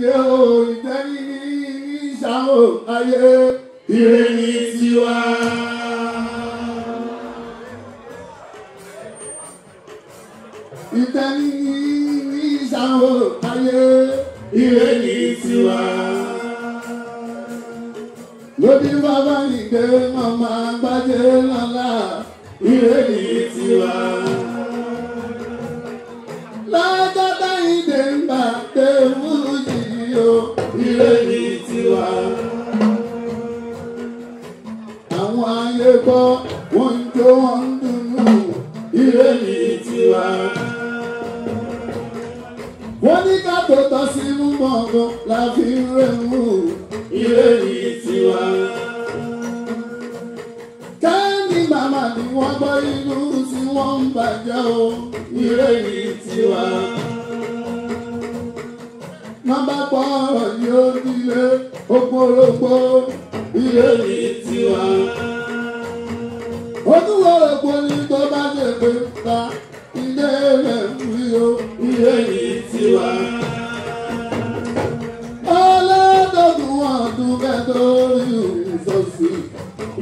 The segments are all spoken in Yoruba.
Ṣé o ìtẹ́rí ìṣàwò ayé ire ní tiwa? Ìtẹ́rí ìṣàwò ayé ire ní tiwa. Lóbi wa. Àwọn ayé kọ́ wọ́n ń jó wọ́n ń dùnnú ire ní tiwa. Wọ́n ní ká tó tọ́ sí mú gbọ̀ngàn la fi ń rẹ̀mú ire ní tiwa. Kẹ́ni màmá ni wọ́n gbọ́ inú tí wọ́n ń bàjẹ́ o ire ní tiwa má bá gbọ́ ọ̀rọ̀ yìí ó nílé ògbólógbó ilé yìí tiwa. Olúwo ògbó ni tó bá lè gbé ta ilé rẹ̀ wí o ilé yìí tiwa. Ọlọ́dọ̀dún ọdún mẹ́tọ́ rí ìsọ̀sì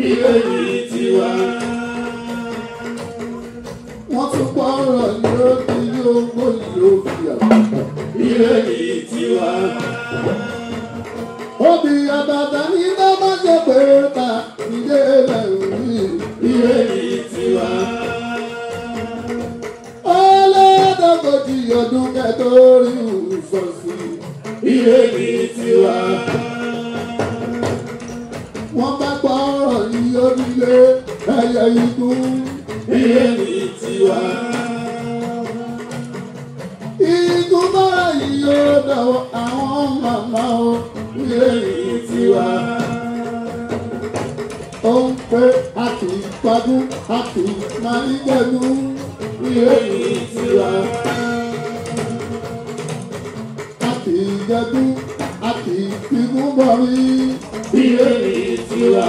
ilé yìí tiwa. Wọ́n tún gbọ́ ọ̀rọ̀ yìí ó nílé ògbólógbó ìlú òkè àgbà méjì tiwa. Obì àbàtà ní bá má ṣe pé ta ìdè rẹ̀ òní ìrèjì tiwa. Ọlọ́dọ̀gọ́jì ọdún kẹtọ́rí ìfọ̀sí ìrèjì tiwa. Wọ́n lọ́dọ̀ àwọn màmá o ilé yìí ti wá. ó ń pé a kì í gbádùn a kì í máa ń gbẹ̀dú ilé yìí ti wá. a kì í gbẹ̀dú a kì í fi gún bọ̀ rí ilé yìí ti wá.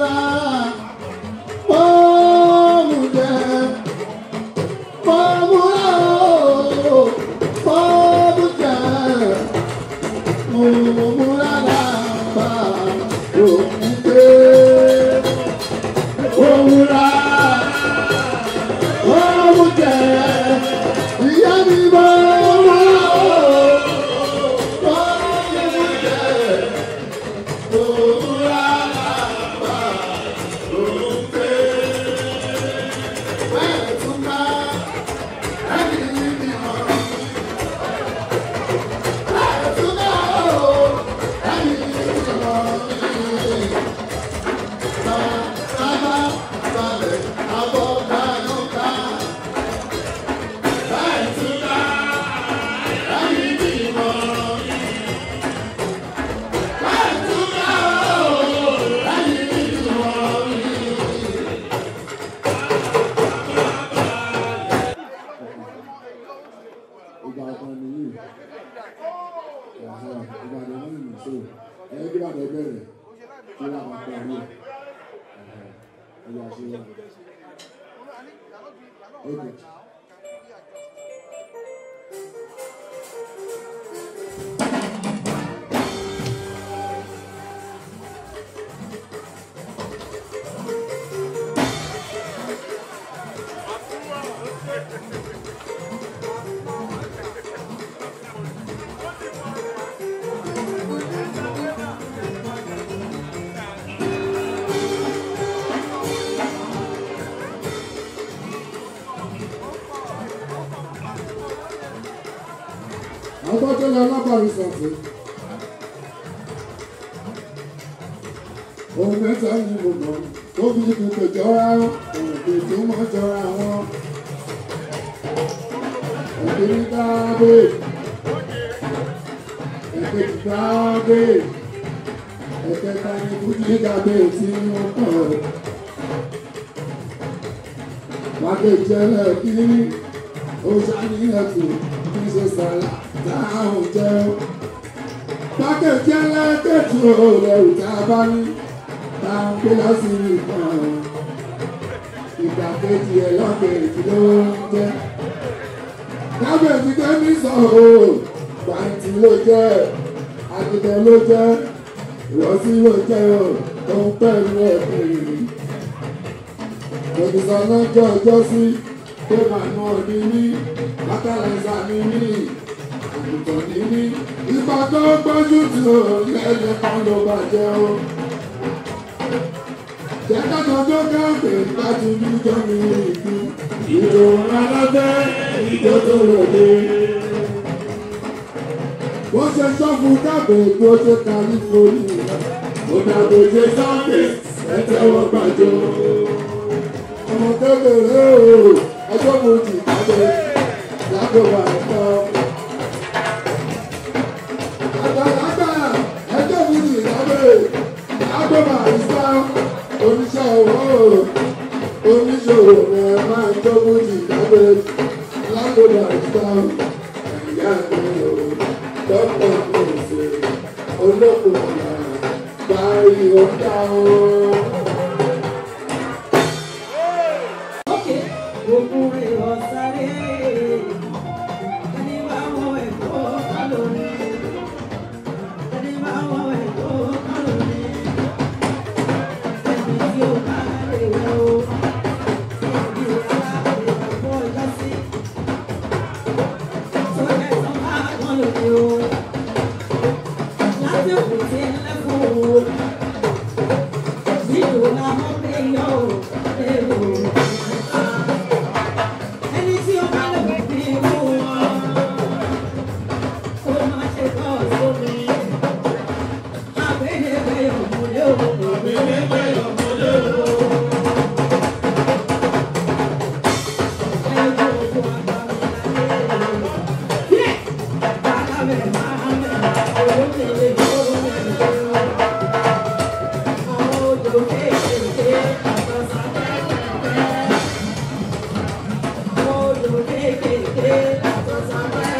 love. ìbàdàn Babájọ́lá alábàrísàtì. Ohun mẹ́ta ni mo mọ̀, tó fi ibi kò jọra, òun kò tó mọ́ jọra wọn. Èdè ní dáadé. Èdè ní dáadé. Ẹ̀kẹta ni Fújì dàbí tí wọ́n pọ̀. Wàá lè jẹ́ ẹ̀kí ó ṣàníyàn tó kí ṣe sàlá táwọn jẹun. pákẹ́tì ẹlẹ́kẹ̀tì òòlẹ̀ òkè abáni tá a ń pè lásìrì kan. ìgbà kejì ẹ̀ lọ́kẹ̀ẹ́jì ló ń jẹ́. lábẹ́ẹ̀tì kẹ́mí sọ òò pàǹtí ló jẹ́ àdìdẹ ló jẹ́ ìrọ̀sí ló jẹ́ o tó ń pẹ̀lú ẹ̀kún yìí. òdìsàn náà jẹ́ ọjọ́ sí pépà náà ní mí látàlẹ́sà ní mí àgùntàn ní mí ipa tó gbójú tí o lẹ́yìn kan ló bàjẹ́ o. Jẹ́ká tọjọ́ káàpẹ̀ láti bí jọ́mi ìlú. Ìjọ alábẹ́ ìjọ tó lòdì. Wọ́n ṣe sọ fún káàpẹ̀ bí ó ṣe ọjọ́ mo ti jáde lágbo wà lọ́kọ́. àgbàlagbà oníṣòwò rẹ̀ máa ń tó mo ti jáde lágbo ìyá mi ò dọ́kọ̀ mi ò sè báyìí ó dá you. Hey, you hey, hey, hey, hey, hey, hey, hey,